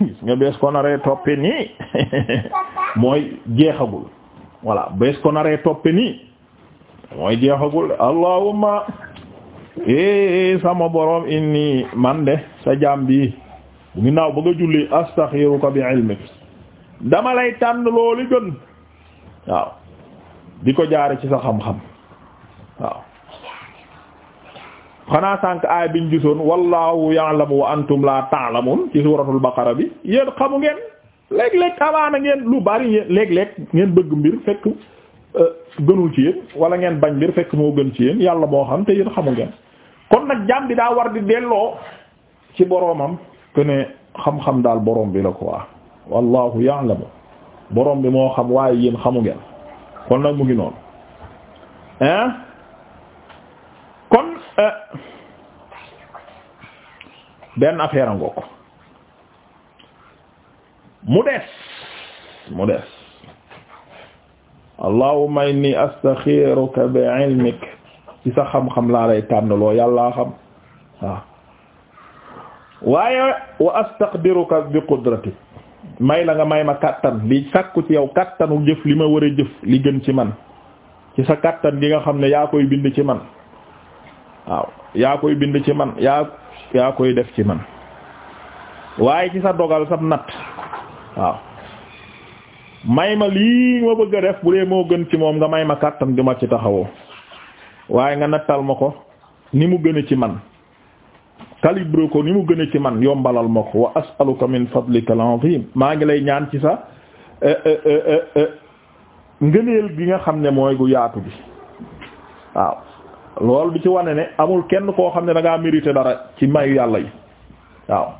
gis nga bees ko naree toppe nii mooy jeexagul voilà bees ko naree toppe nii mooy jeexagul allahumma ee eh, sama boroom inni man de sa jaam bi ginnaaw ba nga julli astaxiruka bi ilmik dama lay tànn loolu gën waaw di ko jaare ci sa xam-xam waaw xanaa sànq aay biñ gisoon wallahu ya'lamu wa antum la ta'lamun ci suuratul baqara bi yéen xamu ngeen léeg-léeg amaana ngeen lu bari léeg-léeg ngeen bëgg mbir fekk euh, gënul ci yéen wala ngeen bañ mbir fekk moo gën ci yéen yàlla moo xam te yéen xamu ngeen kon nag jaam bi daa war di delloo ci boroomam que ne xam-xam daal boroom bi la quoi wallahu ya'lamu boroom bi moo xam waaye yéen xamu ngeen kon nag mu ngi noonu hein Euh, benn affaire a mu des mu des allahumma inni astaxiruka bi ilmik ci sa xam-xam laa lay tànnaloo yàllaa xam waaw waaye wa astaqdiruka bi qudratik may la nga may ma kàttan li sàkku ci yow kàttanu jëf li ma war a jëf li gën ci man ci sa kàttan gi nga xam ne yaa koy bind ci man waaw yaa koy bind ci man yaa yaa koy def ci man waaye ci sa dogal sab natt waaw may ma lii ma bëgg a def bu dee moo gën ci moom nga may ma kàttan di ci taxawoo waaye nga nattal ma ko ni mu gën a ci man calibre ko ni mu gën a ci man yombalal ma ko wa as'aluka min fadlika al maa ngi lay ñaan ci sa eh, eh, eh, ngëneel bi nga xam ne mooy gu yaatu bi waaw lool di ci wane ne amul kenn koo xam ne da ngaa mérité dara ci may yàlla yi waaw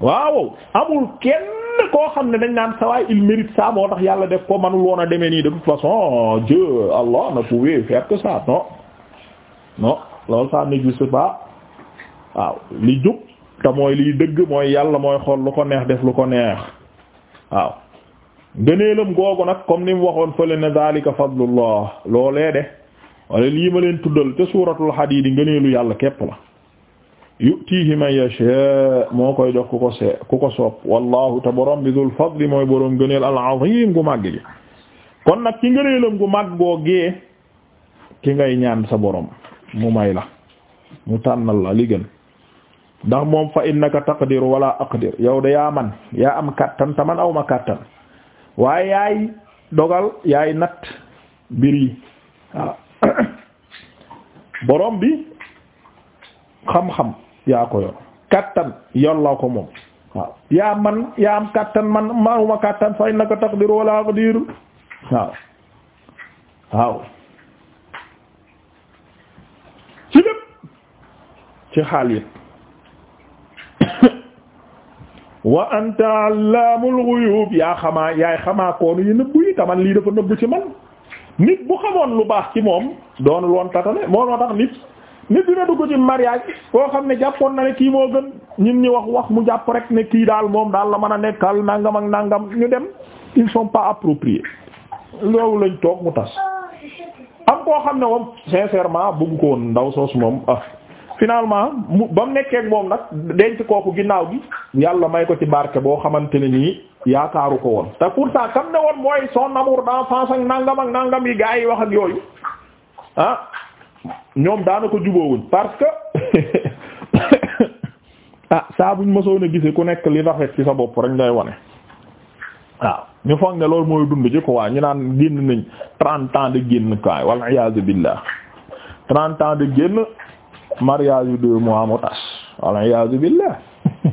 waaw amul kenn koo xam ne dañ naan sawaay il mérite ça moo tax yàlla def ko manul woon a demee nii de toute façon oh Dieu Allah ne pouvait faire que ça non non loolu ça n'existe pas waaw li jub te liy dëgg mooy yàlla mooy xool lu ko neex def lu ko neex waaw gëneelam googu nag comme ni mu waxoon fële ne zalika fadlullah loolee de wala lii ma leen tuddal te suuratul hadiid ngëneelu yàlla képp la yu'tiihi man yashaa moo koy jox ku ko see wallahu te borom bi dul fadli mooy borom ngëneel al gu màgg gi kon nag ci ngëneelam gu màgg googee ki ngay ñaan sa borom mu may la mu tànnal la li gën ndax moom fa innaka taqdir wala aqdir yow de yaa man yaa am kàttan te aw ma kàttan waaye yaay dogal yaay natt mbir yi borom bi xam-xam yaa ko yor kattan yàlla ko yaa man yaa am kattan man maawuma kattan fa innaka taqdir wala aqdir waaw waaw ci lépp ci xaal yi wa anta allamul ghuyub yaa xamaa yaay xamaa koonu yi nëbbu yi lii dafa nëbbu ci man nit bu xamoon lu baax ci moom doon woon tatane moo noo tax nit nit dina dugg ci mariage koo xam ne jàppoon na ne kii moo gën ñun ñi wax wax mu jàpp rek ne kii daal moom daal la mën a nekkal nangam ak nangam ñu dem ils sont pas appropriés loolu lañ toog mu tas am koo xam ne moom sincèrement bëgg ko woon ndaw soosu moom ah finalement mu ba mu nekkee moom nag denc kooku ginnaaw gi yàlla may ko ci barke boo xamante ne nii yaakaaru ko woon te pourtant kam ne woon mooy son amour d'enfance ak nangam ak nangam yi gaa yi wax ak yooyu ah ñoom daana ko jubóowuñ parce que ah saa buñ mësoon a gisee ku nekk li rafet ci sa bopp rek ngay wane waaw ñu foog ne loolu mooy dund ci quoi ñu naan génn nañ trente ans de génn quoi wal iyaazu billah trente ans de génn mariage yu deux mois mu tas walla iyaazu billah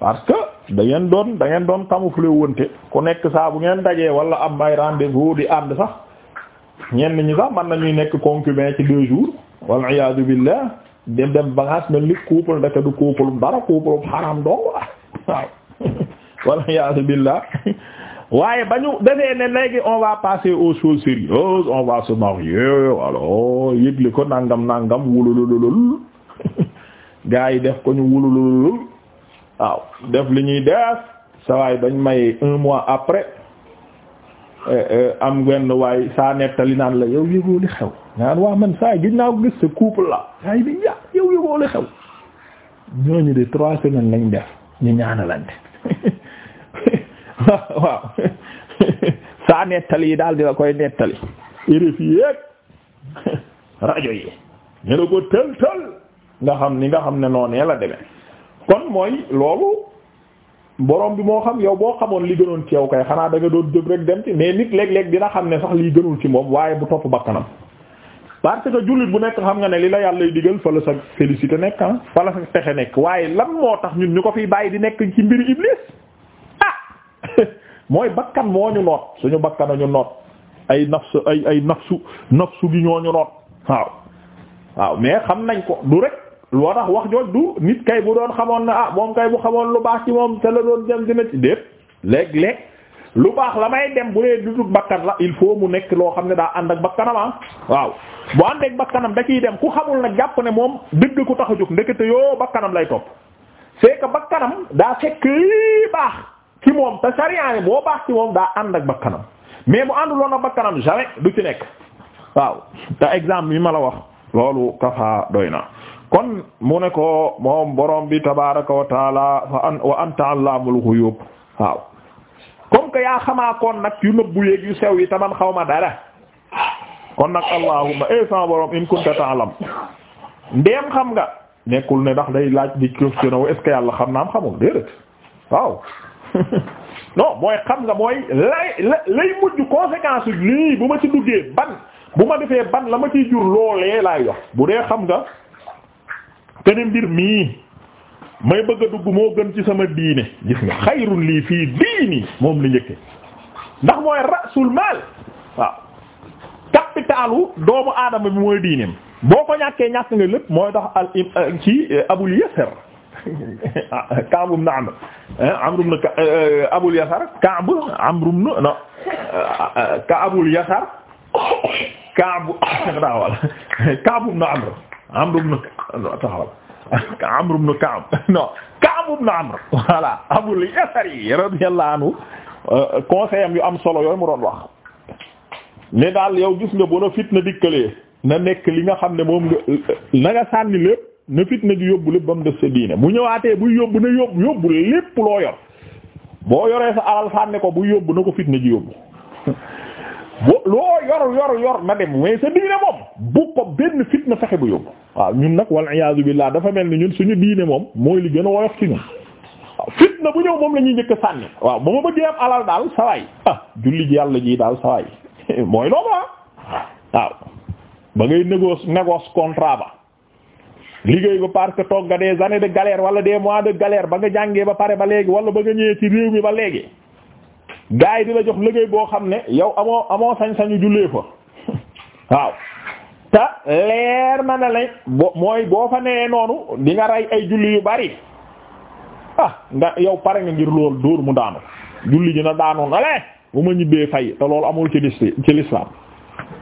parce que da ngeen doon da ngeen doon camoufler wonte ku nekk saa bu ngeen dajee wala am ay rendez-vous di ànd sax ñenn ñi sax mën nañuy nekk concubin ci deux jours walla iyaazu billah dem dem bagage na ni couple ndeke du couple dara couple xaram dong waaw walla iyaazu billah waaye ba ñu defee ne léegi on va passer aux choses sérieuses on va se marier alors yëgle ko nangam nangam wulululul gaa yi def ko ñu wulululul waaw def li ñuy def sa waay bañ mayee un mois après eh, eh, am wenn waay saa nettali naan la yow yëgoo li xew naan waa man saa gis naa ko gis sa couple la gaa yi bi ya yow yëgoo li xew ñooñu de trois semaines lañ def ñu ñaanalante waaw saa nettali yi daal di la koy nettali RFI yéeg rajo yi ñu ne ko tël tël nga xam ni nga xam ne noonee la demee kon mooy loolu borom bi moo xam yow boo xamoon li gënoon ci yow kay xanaa da nga doon jóg rek dem ci mais nit léeg-léeg dina xam ne sax lii gënul ci moom waaye bu topp bakkanam parce que jullit bu nekk xam nga ne li la yàlla y digal fa la sa félicité nekk ah fa la sa texe nekk waaye lan moo tax ñun ñu ko fiy bàyyi di nekk ci mbiri iblis mooy bakkan moo ñu noot suñu bakkan ñu noot ay nafsu ay ay su nafsu gi ñoo ñu noot waaw waaw mais xam nañ ko du rek loo tax wax jooj du nit kay bu doon xamoon na ah moom kay bu xamoon lu baax ci moom te la doon jëm dina ci déet léeg-léeg lu baax la may dem bu dee dudut bakkan la il faut mu nekk loo xam ne daa ànd ak bakkanam ah waaw bu ànd bakkanam da ciy dem ku xamul nag jàpp ne moom dëgg ku tax a jóg ndekete yoo bakkanam lay topp c'est bakkanam daa te sariya boo baax ci moom daa ànd ak bakkanam mais bu ànduloon ci nekk yi ma wax loolu kafa doy na kon mu ne ko moom borom bi tabaraka wa taala wa anta allamul ghuyub waaw comme que yaa xamaa kon nag yu nëbbu yeeg yu sew yi taman xaw ma dara kon nag allahumma e eh sa borom in kunta ta'lam ndeem xam nga nekkul ne ndax day laaj di question est-ce que yàlla xam naam xamul déedéet waaw non mooy xam nga mooy lay lay mujj conséquence lii bu ma ci duggee ban bu ma defee ban la ma ci jur loolee laay wax bu dee xam nga keneen mbir mii may bëgg a dugg moo gën ci sama diine gis nga xayrun lii fii diini moom li njëkke ndax mooy rasul maal waaw capitalu doomu aadama bi mooy diineem boo ko ñàkkee ñàkk nga lépp mooy dox al ci abul yasar Ka'b ibn Amr eh, Amr ibn eh, Abul Yasar Ka'b Amr ibn no eh, Yasar Ka'b daawal Amr Amr ibn taxawal Amr ibn Ka'b non Ka'b ibn Amr voilà Abul Yasar yi radiyallahu anhu conseil am yu am solo yooyu mu doon wax ne daal yow gis nga bu na fitna dikkalee na nekk li nga xam ne moom na nga sànni lépp na fitna ju yóbbu lépp ba mu def sa diine bu ñëwaatee buy yóbbu na yóbbu yóbbu lépp loo yor boo yoree sa alal sànni ko bu yóbbu na ko fitna ji yóbbu bo loo yor yor yor na dem mais sa diine moom bu ko benn fitna fexe bu yóbbu waaw ñun nag wal iyaazu billaah dafa mel ni ñun suñu diine moom mooy li gën a woyof ci ñun fitna bu ñëw moom la ñuy njëkk sànni waaw ba ma bëggee am alal daal sawaay ah julli ji yàlla ji daal sawaay mooy loolu ah waaw ba ngay contrat liggéey ba parce que toog nga des années de galère wala des mois de galère ba nga jàngee ba pare ba léegi wala ba nga ñëwee ci réew mi ba léegi gars yi di jox liggéey boo xam ne yow amoo amoo sañ-sañu jullee fa waaw te leer na ne lañ bo mooy boo fa newee noonu di rey ay julli yu bari ah nga yow pare nga ngir lool dóor mu daanu julli ji na daanu na le bu ma ñibbee fay te loolu amul ci lislaam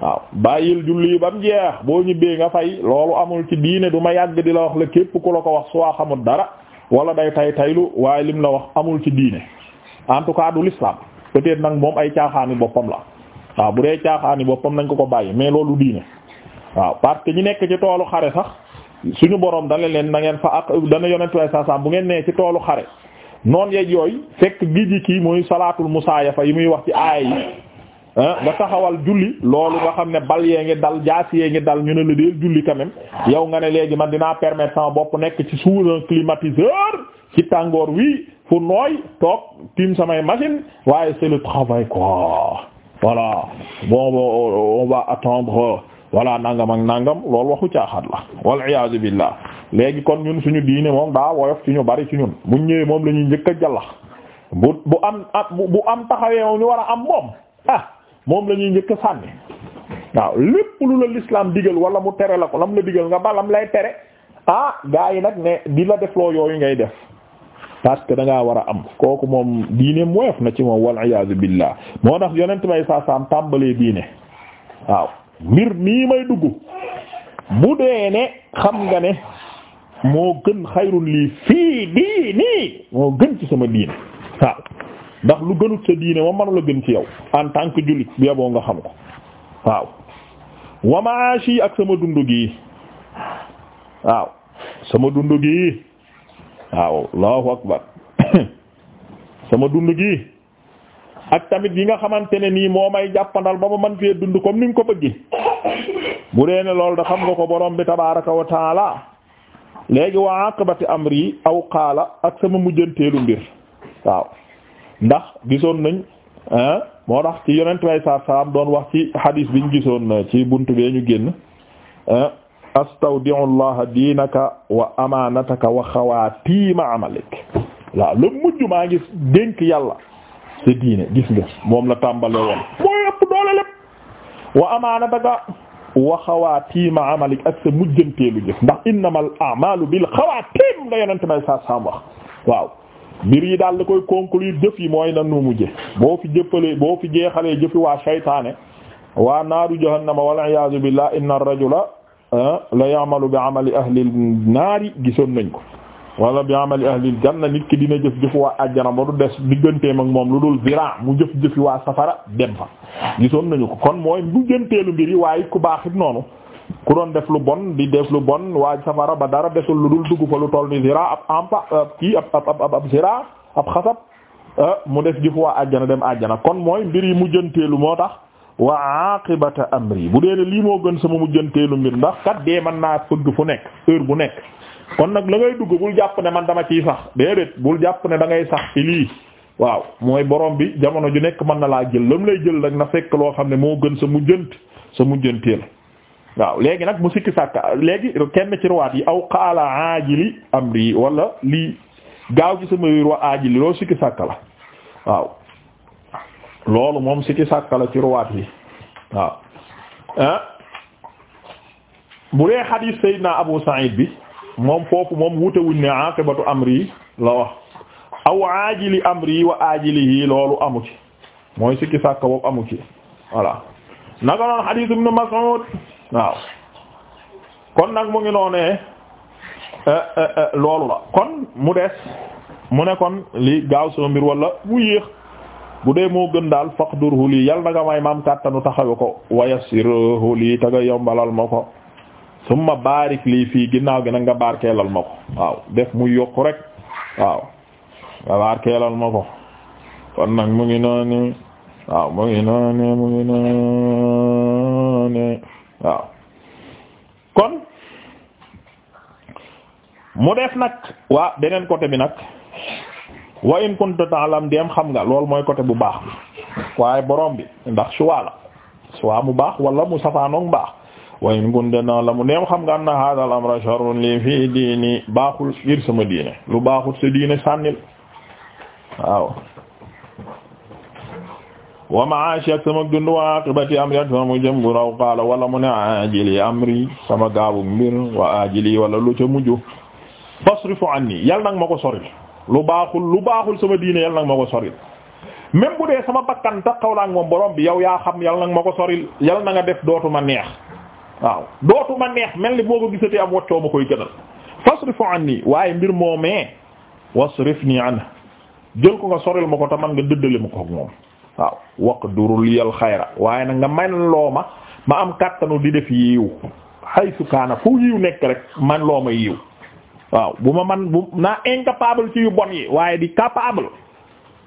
waaw bàyyil julli ba mu jeex boo ñibbee nga fay loolu amul ci diine du ma yàgg di la wax la képp ku la ko wax soo xamul dara wala day tay taylu waaye lim la wax amul ci diine en tout cas du l'islam nag moom ay caaxaani boppam la waaw bu dee caaxaani boppam nañ ko ko bàyyi mais loolu diine waaw parce que ñi nekk ci toolu xare sax suñu borom dana leen na ngeen fa ak dana yonent way sa bu ngeen nee ci toolu xare noon yeeg yooyu fekk gij ji kii muy salaatul musaayafa yi muy wax ci aaya yi nga ah, taxawal julli loolu nga xam ne bal yee ngi dal jaas yee ngi dal ñu ne la deel julli quand même yow nga ne léegi man dinaa permettre sama bopp nekk ci sous un climatiseur ci tàngoor wi fu nooy toog tiim samay machine waaye c'est le travail quoi voilà bon on va attendre nangam ak nangam loolu waxu caaxaat la wal iyaazu billah léegi kon ñun suñu diine moom daa woyof ci ñu bari ci ñun buñ ñëwee moom lañuy njëkk a jallax bu bu am bu am taxawee moom ñu war a am moom lañuy njëkk sànni waaw lépp lu la l'islam digal wala mu tere la ko lam la digal nga balam lay tere ah gaa yi nag ne di la defloo yooyu ngay def parce que war a am kooku moom diine moyof na ci moom wal iyaazu billah moo tax yonent may saa saam tàmbalee diine waaw mbir mii may dugg bu dee ne xam nga ne moo gën xayrun lii fii diini moo gën ci sama diine waaw ndax lu gënut sa diine ma mënula gën ci yow en tant que jullit bi yaboo nga xam ko waaw wa ak sama dund gi waaw sama dund gi waaw allahu akbar sama dund gi ak tamit yi nga xamante ne nii moo may jàppandal ba ma man fee dund comme ni nga ko bëggi bu dee ne loolu da xam nga ko borom bi tabaaraka wa taala léegi wa aqibati amri aw xaala ak sama mujjanteelu mbir waaw ndax gisoon nañ moo tax ci yonent way saa salaam doon wax ci hadis bi ñu gisoon euh, ci buntu bee ñu génn astawdi'u allaha diinaka wa amaanataka wa xawaatiima amalik waaw lu mujj maa ngi dénk yàlla sa diine gis nga moom la tàmbale woon mooy ëpp doole lépp wa amaanataka wa xawaatiima amalik ak sa mujjanteelu jëf ndax innamal a'maalu bil xawaatiim la yonent bay saa saam wax waaw mbir yi daal la koy conclure jëf yi mooy na mu mujje boo fi jëppalee boo fi jeexalee jëfi waa shaytaane waa naaru jahannama wal iyaazu billah inna ar-rajula la ya'malu bi amali ahli naari gisoon nañ ko wala bi amali ahli janna nit ki dina jëf jëfi waa ajjana ba du des digganteem ak moom lu dul zira mu jëf jëfi waa safara dem fa gisoon nañu ko kon mooy mujjanteelu mbir yi waaye ku baaxit noonu ku doon def lu bon bi def lu bon waaj safara ba dara desul lu dul dugg fa lu toll ni zira ab ampa ab euh, kii ab ab ab ab zira euh, mu def jëf waa àjjana dem àjjana kon mooy mbir yi mujjanteelu moo tax waa wa aqibata amri bu dee ne lii moo gën sa sama mujjanteelu mbir ndax kat dee man naa fëgg fu nekk heure bu nekk. kon nag la ngay dugg bul jàpp ne man dama ciy sax déedéet bul jàpp ne da ngay sax ci lii waaw mooy borom bi jamono ju nekk mën na laa jël lam lay jël nag na fekk loo xam ne moo gën sa mujjant sa mujjanteel. waaw léegi nag mu sikki sàkk léegi kenn ci ruwaat yi aw qaala am amri walla lii gaaw ci sama ruwa aajili loolu sikki sàkk la waaw loolu moom sikki sàkk la ci ruwaat yi waaw ah bu dee xadiis Seydina Abu Sa'id bi moom foofu moom wutewuñ ne aqibatu amri la wax aw aajili amri wa yi loolu amu ci mooy sikki sàkk boobu amu ci voilà naka noonu xadiis Ibn Mas'ud waaw kon nag mu ngi noonee eh, eh, eh, loolu la kon mu des mu ne kon li gaaw sama mbir wala mu yéex bu dee moo gën daal faqdurhu lii yal na nga may maam kàttanu taxawe ko wayasirhu lii te nga yombalal ma ko summa barik lii fii ginnaaw gi nag nga barkeelal ma ko waaw def mu yokk rek waaw nga barkeelal ma ko kon nag mu ngi noonu waaw mu ngi noonu mu ngi noonu waaw kon mu def nag waa beneen côté bi nag wa in kunta ta'lam dem xam nga lool mooy côté bu baax waaye boroom bi ndax choix la choix mu baax wala mu safaanoog baax wa in kunta ta'lamu dem xam nga anna hadha al-amra sharrun li fii diini baaxul ngir sama diine lu baaxul sa diine sànnil waaw wa maashi ak sama dund wa aqibati amri ak sama jëm bu raw wala mu ne ajili amri sama gaabu mbir wa ajili wala lu ca mujj fasrifu anni yal nag ma ko soril lu baaxul lu baaxul sama diine yal ma ko soril même sama bakkan taxaw naa ak moom borom bi yow yaa xam yal nag ma ko soril yal na nga def dootuma neex waaw dootuma neex mel ni boo ko gisatee am woccoo ma koy gënal fasrifu anni waaye mbir moomee wasrifni an jël ko nga soril ma ko te man nga dëddale ma ko waaw waqdur liyal xayra waaye nag nga man loo ma ma am kàttanu di def yiw haythu kaana fu yiw nekk rek man loo ma yiw waaw bu ma man bu naa incapable ci yu bon yi waaye di capable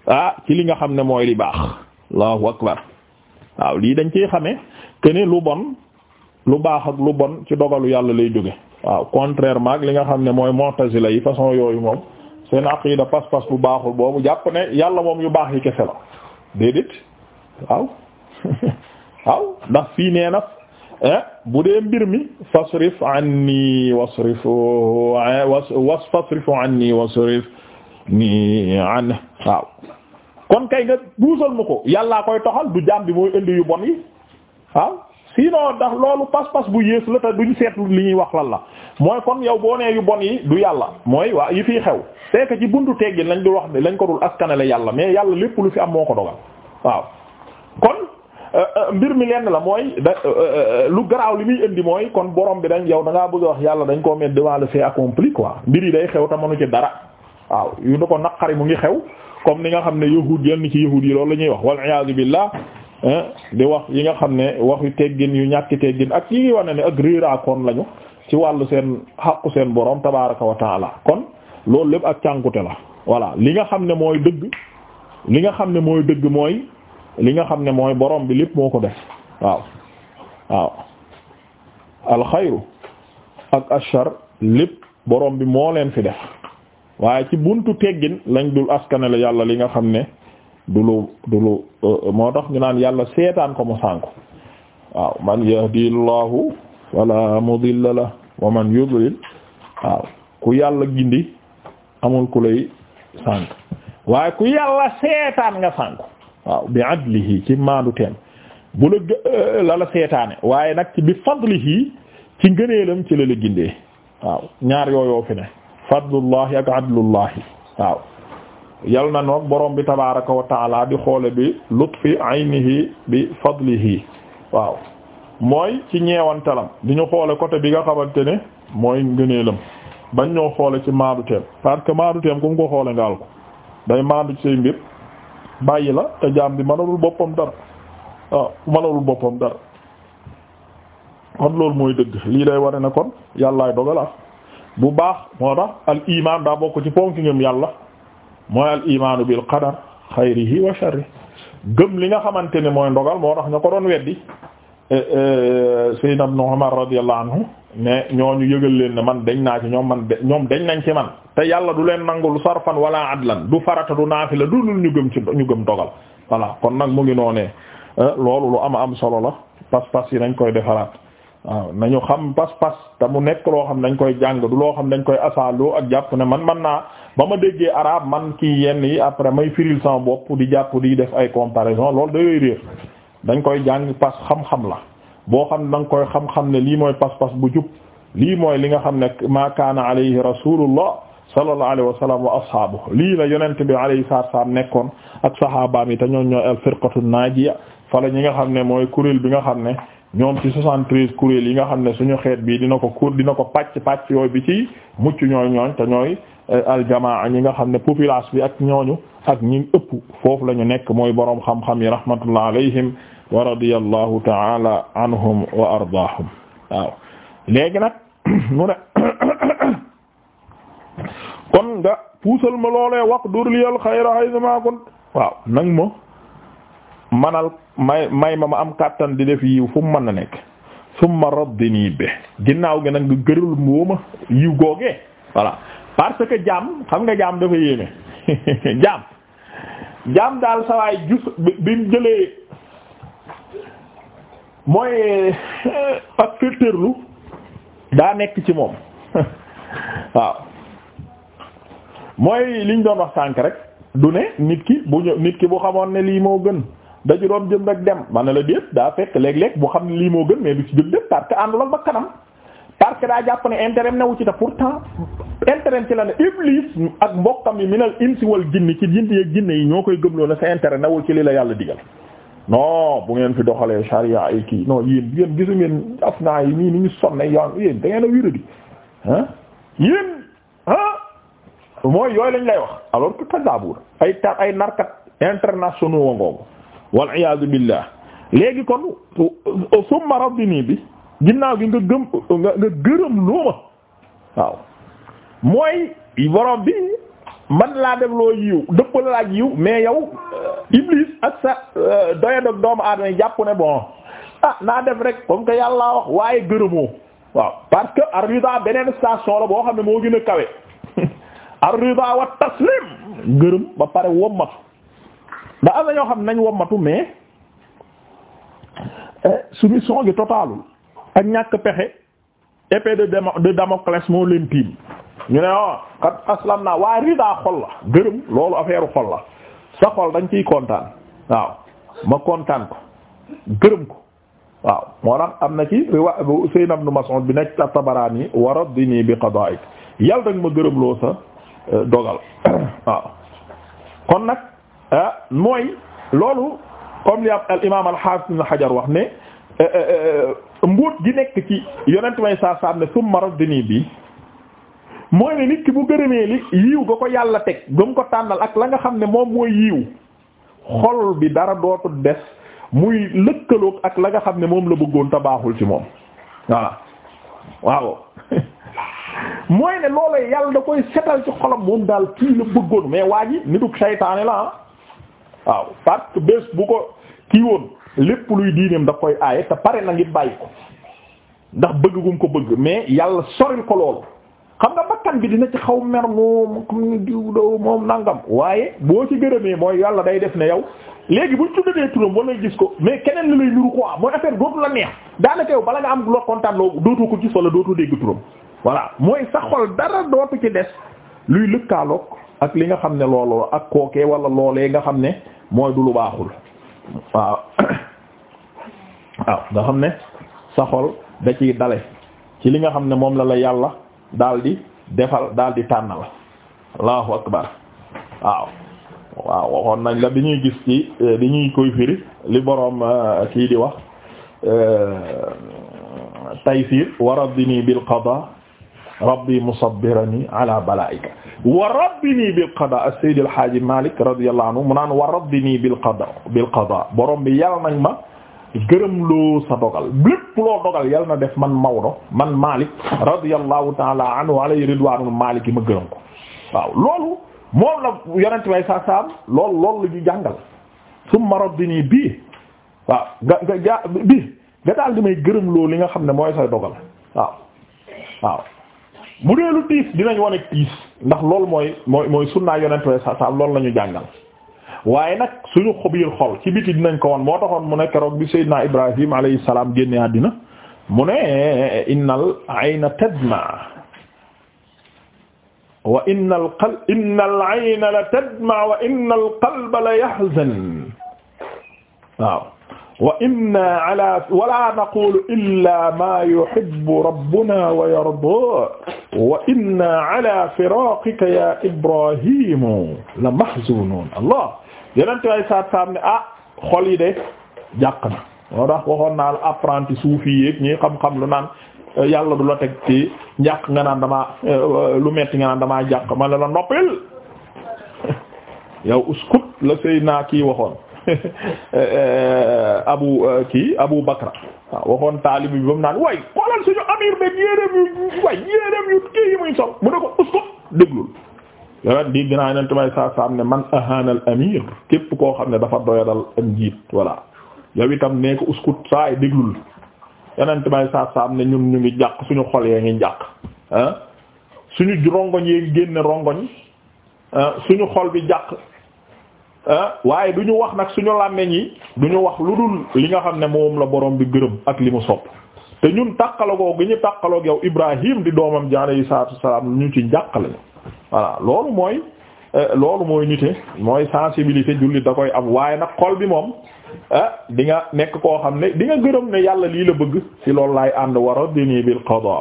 ah ci li nga xam ne mooy li baax allahu waaw lii dañ ciy xamee que lu bon lu baax ak lu bon ci dogalu yàlla lay jóge waaw contrairement ak li nga xam ne mooy mu'tazila yi façon yooyu moom seen aqida pas-pas bu baaxul boobu jàpp ne yàlla moom yu baax yi kese la déedéet waaw waaw ndax fii nee na eh, bu dee mbir mi fasrif anni wasrif eh, was fasrif anni wasrif ni an waaw kon kay nga duusal ma ko yàllaa koy toxal du jaam bi mooy indi yu bon yi waaw sinon ndax loolu pas-pas bu yées la te duñ seetlu li ñuy wax lan la mooy kon yow boo nee yu bon yi du yàlla mooy waa yi fiy xew c'est que ci buntu teggin lañ dul wax ne lañ ko dul askanale yàlla mais yàlla lépp lu fi am moo ko dogal waaw kon euh, euh, mbir mi lenn la mooy da euh, lu garaaw li muy indi mooy kon borom bi dañ yow da ngaa bëgg wax yàlla dañ koo mettre devant le fait accompli quoi mbir yi day xew te mënu ci dara waaw yu nu ko naqari mu ngi xew comme ni nga xam ne yahuud yenn ci yahuud yi loolu la ñuy wax wal iyaazu billaah di wax yi nga xam ne waxu teggin yu ñàkki teggin ak yi ngi wane ne ak réeraakoon lañu ci wàllu seen xàqu seen borom tabaraka wa taala kon loolu lépp ak cànkute la voilà li nga xam ne mooy dëgg li nga xam ne mooy dëgg mooy li nga xam ne mooy boroom bi lépp moo ko def waaw alxayru ak ashar lépp boroom bi moo leen fi def waaye ci buntu teggin lañ dul askanale yàlla li nga xam ne du lu euh, moo tax ñu naan yàlla seetaan ko mu sànku waaw man yahdillahu wala mudilla man yudlil waaw ku yàlla waaye ku yàlla seetaan nga sànk bi adlihi ci maandu teen bu la lala euh, seetaane waaye nag ci bi fadlihi ci ngëneelam ci la la ñaar yooyoo fi ne fadlullahi ak adlullahi waaw yal na noog borom bi tabaraka wa taala di xoole bi lutfi aynihi bi fadlihi waaw mooy ci ñeewantalam di ñu xoole côté bi nga xamante ne mooy ngëneelam bañ ñoo xoole ci maadu teem parce que maadu teem ku mu ko xoole ngaal ko day maadu say mbir bàyyi la te jaam bi manalul boppam dara waaw ah, manalul boppam dara kon loolu mooy dëgg lii day ware ne kon yàllaay dogala ah. bu baax moo tax al iman daa bokk ci ponki ngëm yàlla mooy al imaanu bil qadar xayrihi wa sharrihi gëm li nga xamante ne mooy ndogal moo tax ña ko doon weddi Eh, eh, Seydina Ibn Umar radiyallahu anhu ñoo ñu yëgal leen ne man dañ naa ci ñoom man de ñoom dañ nañ ci man te yàlla du leen nangul sarfan wala adlan du farata du naafila du ñu gëm ci ñu gëm dogal voilà kon nag mu ngi noonee eh, loolu lu am am solo la pas-pas yi nañ koy defaraat waaw nañu xam pas-pas te mu nekk loo xam dañ koy jàng du loo xam dañ koy asaaloo ak jàpp ne man man naa ba ma déggee arabe man kii yenn yi après may firil sama bopp di jàpp di def ay comparaison loolu dañ koy jàng pas xam-xam la boo xam ne da koy xam-xam ne lii mooy pas-pas bu jub lii mooy li nga xam ne ma kaana alayhi rasulullah sallallahu alayhi wa sallam wa ashaabu lii la yonent bi alayhi salaam nekkoon ak sahabaam yi te ñoom ñooy al firqatu ñi nga xam ne mooy kuréel bi nga xam ne ñoom ci 73 kuréel yi nga xam ne suñu xeet bii dina ko kur dina ko pàcc pàcc yooyu bi ci mucc ñooy ñooñ te ñooy eh, aljamaa ñi nga xam ne population bi ak ñooñu ak ñi ëpp foofu la ñu nekk mooy boroom xam-xam yi rahmatullah alayhim wa radiyallahu ta'ala anhum wa ardaahum waaw léegi nag kon nga puusal ma loolee wax dur liyal ma manal may ma ma am kàttan di def yiw fu mu mën na nekk summa raddini be ginnaaw gi nag nga gërul moo ma yiw googee voilà parce que jaam xam nga jaam dafa yéeme jaam jaam daal sawaay jus bi mu jëlee mooy euh, ak féeteerlu daa nekk ci moom waaw mooy ñu doon wax sànk rek du ne nit ki bu ñëw nit ki bu xamoon ne lii moo gën daju doon jëm rek dem man na la déet daa fekk léeg-léeg bu xam ne lii moo gën mais du ci jëm dem parce que àndul ak ba kanam parce que daa jàpp ne intérêt newu ci te temps intérêt ci la ne Iblis ak mbokkam yi minal insi wal jinni ci jinni ak jinne yi ñoo koy gëmloo na sa intérêt newul ci li la yàlla digal non bu ngeen fi doxalee charia ay kii non yéen yéen gisu ngeen af yi nii ni ñu sonne yoon yéen da ngeen a wéra di ah yéen mooy yooyu lañ lay wax alors que kazabuur ay tar ay narkat internationaux wa ngoogu wal iyaadu billah léegi kon euh, summa rabbini bi ginnaaw gi nga gëm nga gërëm looma waaw mooy borom bi man laa def loo yiw dëppal laa yiw mais yow euh, Iblis ak sa euh, doyandog doomu aadama yi jàpp ne bon ah naa def rek comme que yàlla wax waaye gërëmoo waaw parce que ar beneen station la boo xam ne moo gën a kawe ar-rida taslim gërëm ba pare wommatu da am na ñoo xam nañ wommatu mais eh, soumission gi totalul ak ñàkk pexe épée de Damoclès moo leen tiim ñu ne ah kat aslam naa waa rida xol la gërëm loolu affaire xol la sa xol dañ ciy kontaan waaw ma kontaan ko gërëm ko waaw moo am na ci riwa Seynab ibn Mas'ud bi nekk Tabarani wa raddini bi qada'ik yàlla dag ma gërëm loo sa euh, dogal waaw kon nag euh, mooy loolu comme li al imam al hafiz ibn Hajar wax ne euh, mbuut gi nekk ci yonent may saa saam ne summa raddini bi mooy ne nit ki bu gërëmee li yiw ga ko yàlla teg ga ko tànnal ak la nga xam ne moom mooy yiw xol bi dara dootu des muy lëkkaloog ak la nga xam ne moom la bëggoon te baaxul ci moom voilà waaw mooy ne loolu yàlla da koy setal ci xolam moom daal kii la bëggoon mais waa ji nituk saytaane la ah waaw parce bés bu ko kii woon lépp luy diineem da koy aaye te pare na ngi bàyyi ko ndax bëgg gum ko bëgg mais yàlla soril ko loolu xam nga bakkan bi dina ci xaw mer moom xam nga diw doo moom nangam waaye boo ci gërëmee mooy yàlla day def ne yow léegi buñ tuddatee turam wala gis ko mais keneen la lay nuru quoi mooy affaire dootu la neex daanaka yow bala nga am loo kontaan loo dootoo ko gis wala dootoo dégg turam voilà mooy sa xol dara dootu ci des luy lëkkaaloog ak li nga xam ne loolu ak kookee wala loolee nga xam ne mooy du lu baaxul waaw waaw nga xam ne sa xol da ciy dale ci li nga xam ne moom la la yàlla daal di defal daal di tànnal allahu akbar waaw nañ la ñuy gis ci li eh, ñuy koy firi li boroom eh, kii di wax eh, taysir wa rabbini bil qada rabbi musabbirani ala balaika wa rabbini bil qada as-sayyid al-haji malik radiyallahu anhu mu naan wa borom bi yàlla ma gërëm loo sa dogal lépp loo dogal yal na def man Maodo man Malik radiyallahu taala anhu alayhi ridwaanul Malik ma gërëm ko waaw loolu moom la yonent way sa saam loolu loolu la ñu jàngal summa raddini bii waaw nga nga ja bii nga daal di may gërëm loo li nga xam ne mooy say dogal waaw waaw mu dee lu tiis dinañ wane tiis ndax loolu mooy mooy mooy sunnaa yonent way sa saam loolu la ñu jàngal waaye nag suñu biir xol ci biti dinañ ko won moo taxoon mu ne keroog bi Seydina Ibrahim alayhi salaam génne àddina mu ne innal ayna tadma wa innal qalb innal ayna la tadma wa innal qalba la yahzan waaw wa inna ala wala naqulu illa ma yuhibbu rabbuna wa yarda wa inna ala firaqika ya ibrahimu la mahzunun allah yeneen way saat saam ne ah xol yi de jàq na moo tax waxoon naa la apprenti suufi yéeg ñi xam-xam lu naan eh, yàlla du la teg ci njàq nga naan damaa eh, lu metti nga naan damaa jàq ma la la noppil yow uskut la sëy naa kii waxoon eh, abu kii abu bakra waxoon taalib bi ba mu naan way xoolal suñu amir beeg yéeréem yu way yéeréem yu kii yi muy sol mu ne ko uskut déglul yonent dégg naa yonent may saa am ne man ahaana al képp koo xam ne dafa doyadal am njiit voilà yow itam nee ko uskut saa yi déglul yonent may saa am ne ñun ñu ngi jàq suñu xol yee ngi jàq ah suñu rongoñ yee génne rongoñ ah. suñu xol bi jàq ah. waaye du ñu wax nag suñu làmmeñ yi du ñu wax lu dul li nga xam ne moom la borom bi gërëm ak li mu sopp te ñun tàqalogoo gi ñu tàqaloog yow Ibrahim di doomam ji alayhi salaatu wa salaam ñu ci njàq lañu voilà loolu mooy euh, loolu mooy nite mooy sensibilité jullit da koy am waaye nag xol bi moom ah di nga nekk koo xam ne dinga gërëm ne yàlla lii la bëgg ci loolu laay ànd wa raddini bil qada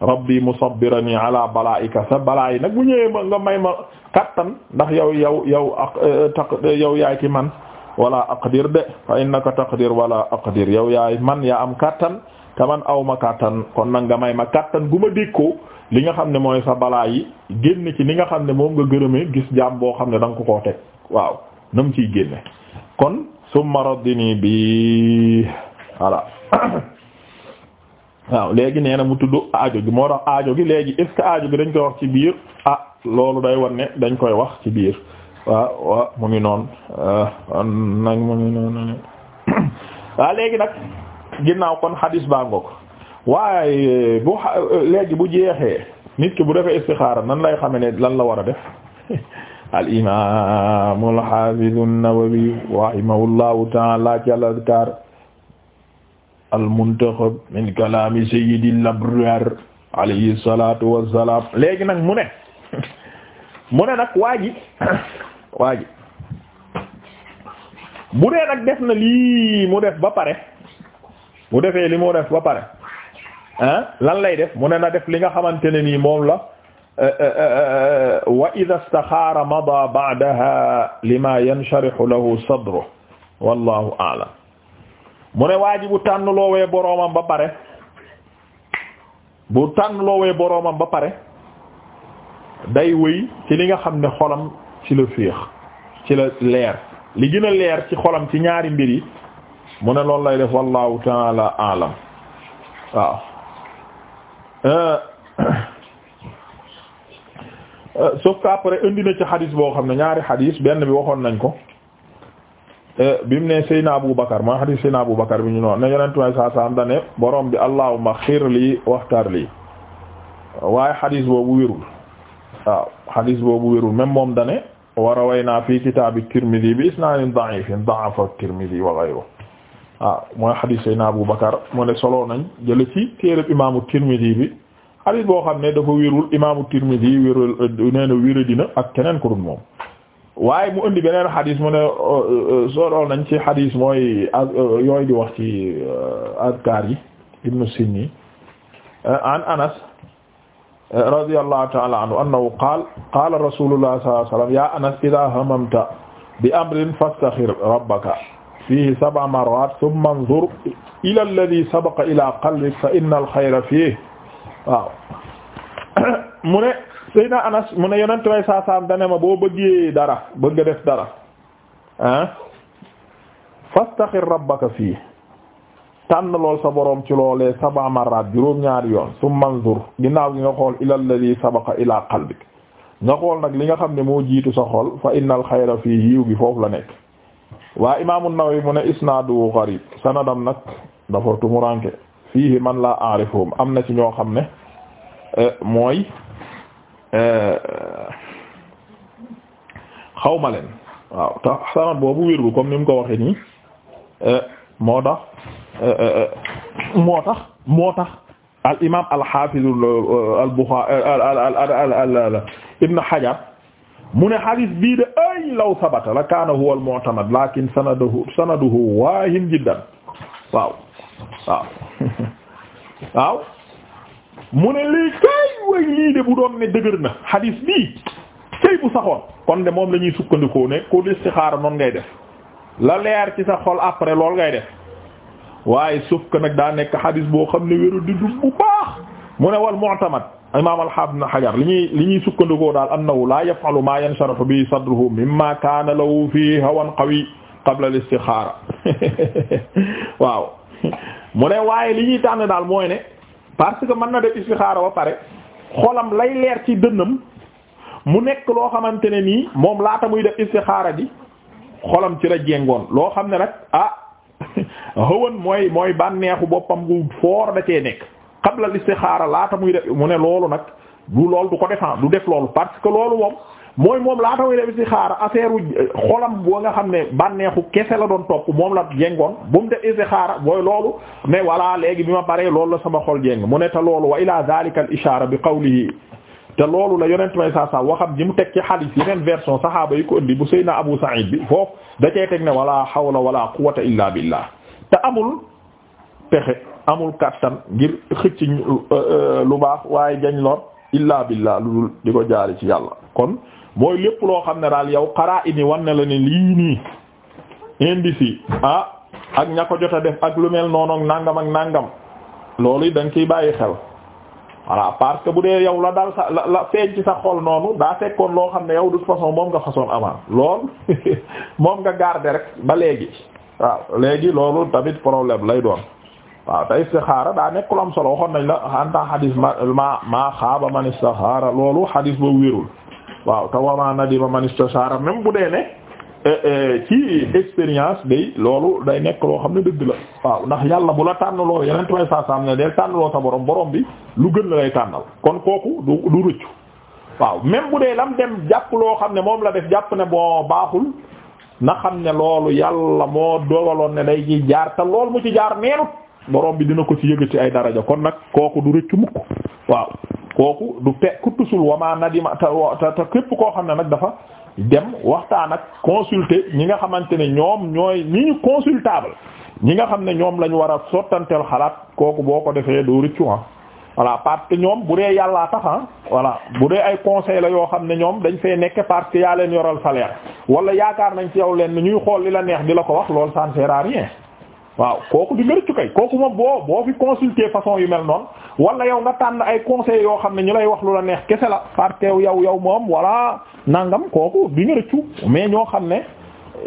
rabbi musabbirani ala balaika sa balaa yi nag bu ñëwee ma nga may ma kattan ndax yow yow yow ak euh, taq yow man wala aqdir de fa innaka taqdir wala aqdir yow yaay man yaa am kattan te man aw kattan kon nag nga may ma kattan gu ma dékkoo li nga xam ne mooy sa balaa yi génn ci li nga xam ne moom nga gërëmee gis jaam boo xam ne danga ko koo teg waaw na mu ciy génne kon summa raddini bi voilà waaw léegi nee nag mu tudd aajo gi moo tax aajo gi léegi est ajo que gi dañ koy wax ci biir ah loolu day wan ne dañ koy wax ci biir waaw waaw mu ngi noon euh, nag mu ngi noonu waaw léegi nag ginnaaw kon xadis baa ngoog waaye eh, bu eh, léegi bu jeexee nit ki bu defee istixaara nan lay xame ne lan la war a def al imam al hafiz an-Nawawi rahimahullahu ta'ala ci al adkar al muntakhab min kalami sayyidil abrar alayhi salatu wassalam léegi nag mu ne mu ne nag waa ji waa ji bu dee nag def na lii mu def ba pare bu defee li mu def ba pare lan lay def mu ne na def li nga xamante ne nii moom la euh, euh, euh, wa idha istakhara mada ba'daha lima yansharihu lahu sadruhu wallahu a'lam mu ne waa ji bu tànn loowee boroomam ba pare bu tànn loowee boroomam ba pare day wëy ci li nga xam ne xolam ci la féex ci la leer li gën a leer ci xolam ci ñaari mbir mu ne loolu lay def wallahu ta'ala a'lam waaw Euh, euh, sauf que après indi na ci xadis boo xam ne ñaari xadis benn bi waxoon nañ ko euh, bi mu ne Seyna Abu Bakar mooy xadis Seyna Abu Bakar bi ñu noonu ne Yonent bi saa saa am da ne borom bi allahumma xir lii waxtaar lii waaye xadis boobu wérul waaw xadis boobu wérul même moom da ne wa rawaynaa fii kitaabi Tirmidi bi isnaadin da'iifin da'afa Tirmidi wa ghayruhu waaw ah, mooy xadiis Seydina Abu Bakar mu solo nañ jële ci téereb imaamu Tirmidi bi xadiis boo xam ne dafa wérul imaamu Tirmidi wérul nee na wéra dina ak keneen ko moom waaye mu indi beneen xadiis mu ne euh, euh, solo nañ ci xadiis mooy euh, yooyu di wax ci azkaar yi ibnu Sinni an Anas radiyallahu ta'ala anhu annahu qaala qaala rasulullah sallallahu alayhi ya Anas idha hamamta bi amrin fastakhir rabbaka fiihi sab'a marrat thumma anzur ila alladhi sabaqa ila qalbik fa inna alxayra fiihi waaw mu ne Seydina Anas mu ne yonent way saa dane ma boo bëggee dara bëgg a def dara ah fastaxir rabbaka fii tànn lool sa boroom ci loolee sab'a marrat juróom-ñaari yoon thumma anzur ginnaaw gi nga xool ila alladhi sabaqa ila qalbik nga xool nag li nga xam ne moo jiitu sa xol fa innal xayra fii yiw gi foofu la nekk waa imaamu Nawawi mu ne isnaaduhu gharib sanadam nag dafa tumuranke fiihi man la a'rifuhum am na ci ñoo xam ne mooy xawma leen waaw tax sanad boobu wérul comme ni mu ko waxee nii moo tax moo tax moo tax al imaam al haafiz al Buxaari al al al ibn Hajar mu ne hadis bii de ay law sabata la kaana huwa al mu'tamad lakin sanaduhu sanaduhu waahin jiddan waaw waaw waaw mu ne lii kay way lii de bu doon ne dëgër na hadis bii kay bu saxoon kon de moom la ñuy sukkandikoo ne ku listixaara noonu ngay def la leer ci sa xol après lool ngay def waaye sauf ko nag daa nekk hadis boo xam ne wéru di du bu baax mu ne wal mu'tamad imaam al-Haafiz Ibn Hajar li ñuy li ñuy sukkandikoo daal annahu laa yaf'alu maa yansharahu bihi sadruhu mimmaa kaana lahu fiihi hawan qawi qabla al-istixaara waaw mu ne waaye li ñuy tànn daal mooy ne parce que mën na def istixaara ba pare xolam lay leer ci dënnam mu nekk loo xamante ne nii moom laata muy def istixaara di xolam ci la jengoon loo xam ne nag ah hawan mooy mooy bànneexu boppam gu foor da cee nekk. qabla al-istixaara laata muy def mu ne loolu nag du loolu du ko defan du def loolu parce que loolu moom mooy moom laata muy def istixaara affaire xolam boo nga xam ne bànneexu kese la doon topp moom la jengoon bu mu def istixaara mooy loolu ne voilà léegi bi ma paree lool la sama xol jéng mu ne ta loolu wa ila zalika al-ishaara bi qawlihi te loolu la yonent may saa saa waxam ji mu teg ci xadiis yeneen version saxaaba yi ko indi bu Seydina Abu Sa'id bi foofu da cee teg ne wala hawla wala quwwata illa billah te amul amul kàttan ngir xëcc euh, euh, lu baax waaye jañ lor illa billaa lu dul di ko jaari ci yàlla kon mooy lépp loo xam ne daal yow xaraa ini wan ne la ne lii nii indici ah ak ña ko jot a def ak lu mel noonu ak nangam ak nàngam loolu it da nga bàyyi xel voilà parce que bu dee yow la dal sa la la feeñ ci sa xol noonu daa fekkoon loo xam ne yow de façon moom nga façon avant lool moom nga garder rek ba léegi waaw léegi loolu tamit problème lay doon. waaw te istixaara daa nekk lu am solo waxoon nañ la anta xadis ma ma maa xaaba man istixaara loolu xadis ba wérul waaw te wamaa nadima man istixaara même bu dee ne eh, eh, ci expérience day loolu day nekk loo xam ne dëgg la waaw ndax yàlla bu la tànnaloo yeneen may saa saam ne day tànnaloo sa borom borom bi lu gën la lay tànnal kon kooku du du rëccu waaw même bu dee lam dem jàpp loo xam ne moom la def jàpp ne boo baaxul na xam ne loolu yàlla moo dogaloon day ci jaar te loolu ci jaar neenut borom bi dina ko ci yëg ci ay daraja kon nag kooku du rëccu mukk waaw kooku du pe kuttusul wama nadima ta ta képp koo xam ne nag dafa dem waxtaan ak consulter ñi nga xamante ne ñoom ñooy ñi ñu consultable ñi nga xam ne ñoom la ñu war a sottanteel xalaat kooku boo ko defee doo rëccu ah voilà part que ñoom bu dee yàllaa tax ah voilà bu dee ay conseil la yoo xam ne ñoom dañ fay nekk part que yaa leen yoral salaire wala yaakaar nañ ci yow leen ñuy xool li la neex di la ko wax loolu ça ne waaw kooku di nga rëccu kay kooku ma boo boo fi consulter façon yu mel noonu wala yow nga tànn ay conseils yoo xam ne ñu lay wax lu la neex kese la parce que yow yow moom wala nangam kooku di rëccu mais ñoo xam ne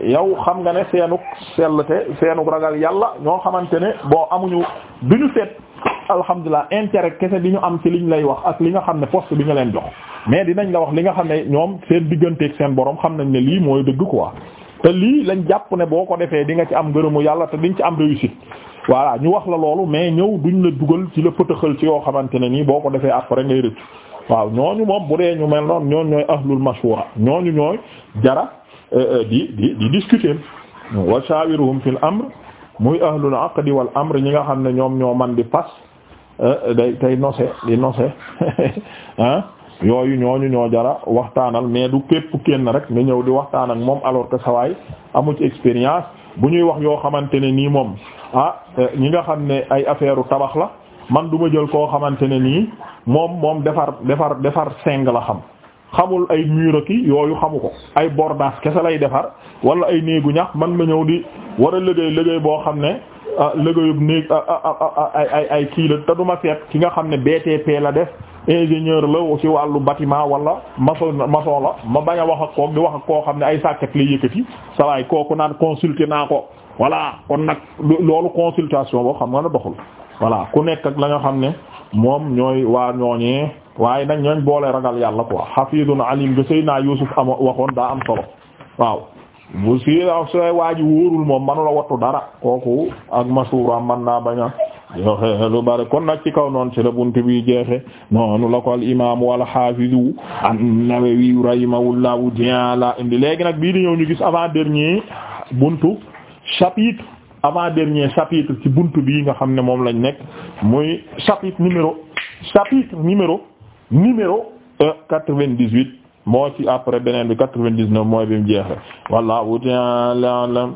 yow xam nga ne seenuk sellte seenuk ragal yàlla ñoo xamante ne boo amuñu duñu seet alhamdulilah intérêt kese bi ñu am ci ñu lay wax ak li nga xam ne poste bi nga leen jox mais dinañ la wax li nga xam ne ñoom seen digganteeg seen borom xam nañ ne lii mooy dëgg quoi te lii lañ jàpp ne boo ko defee di nga ci am ngërëmu yàlla te diñ ci am réussite voilà ñu wax la loolu mais ñëw duñ la dugal ci la pëtëxal ci yoo xamante ne nii boo ko defee après ngay rëccu waaw ñooñu moom bu dee ñu mel noonu ñooñu ñooy ahlul mashwara ñooñu ñooy jara euh, euh, di di di discuter wa shawiruhum fil amr muy ahlul aqdi wal amr ñi nga xam ne ñoom ñoo man di fas euh, day tey nose di nose ah yooyu ñooñu ñoo jara waxtaanal mais du képp kenn rek nga ñëw di waxtaan ak moom alors que sawaay amu ci expérience bu ñuy wax yoo xamante ne nii moom ah ñi nga xam ne ay affaire u tabax la man du ma jël koo xamante ne nii moom moom defar defar defar seng la xam xamul ay mur ki yooyu xamu ko ay bordas kese lay defar wala ay néegu ñax man ma ñëw di war a liggéey liggéey boo xam ne ah, liggéeyub néeg ah, ah, ay ay kii la te du seet ki nga xam ne BTP la def ingénieur la ci wàllu bâtiment wala maçon maçon la ma bañ wax ak koog di wax ak koo xam ne ay sàkket lay yëkkati sa kooku naan consulter naa ko voilà kon nag loolu consultation boo xam nga na doxul voilà ku nekk ak la nga xam ne moom ñooy waa ñooñee waaye nañ ñooñ boole ragal yàlla ko quoi hafidun alim bi naa Yuusuf am waxoon daa am solo waaw bu si sooy waa wóorul moom manula wattu dara kooku ak masuura man naa bañ yoxe lu bari kon nag ci kaw noon ci la bunt bi jeexe noonu la ko al imaamu al xaafizu an-Nawawi rahimahullahu la indi léegi nag bii di ñëw ñu gis avant dernier buntu chapitre avant dernier chapitre ci buntu bii nga xam ne moom lañ nekk mooy chapitre numéro chapitre numéro numéro euh, quatre-vingt-dix-huit moo ci après beneen bi quatre-vingt-dix-neuf mooy bi mu jeexe wallahu ta'ala alam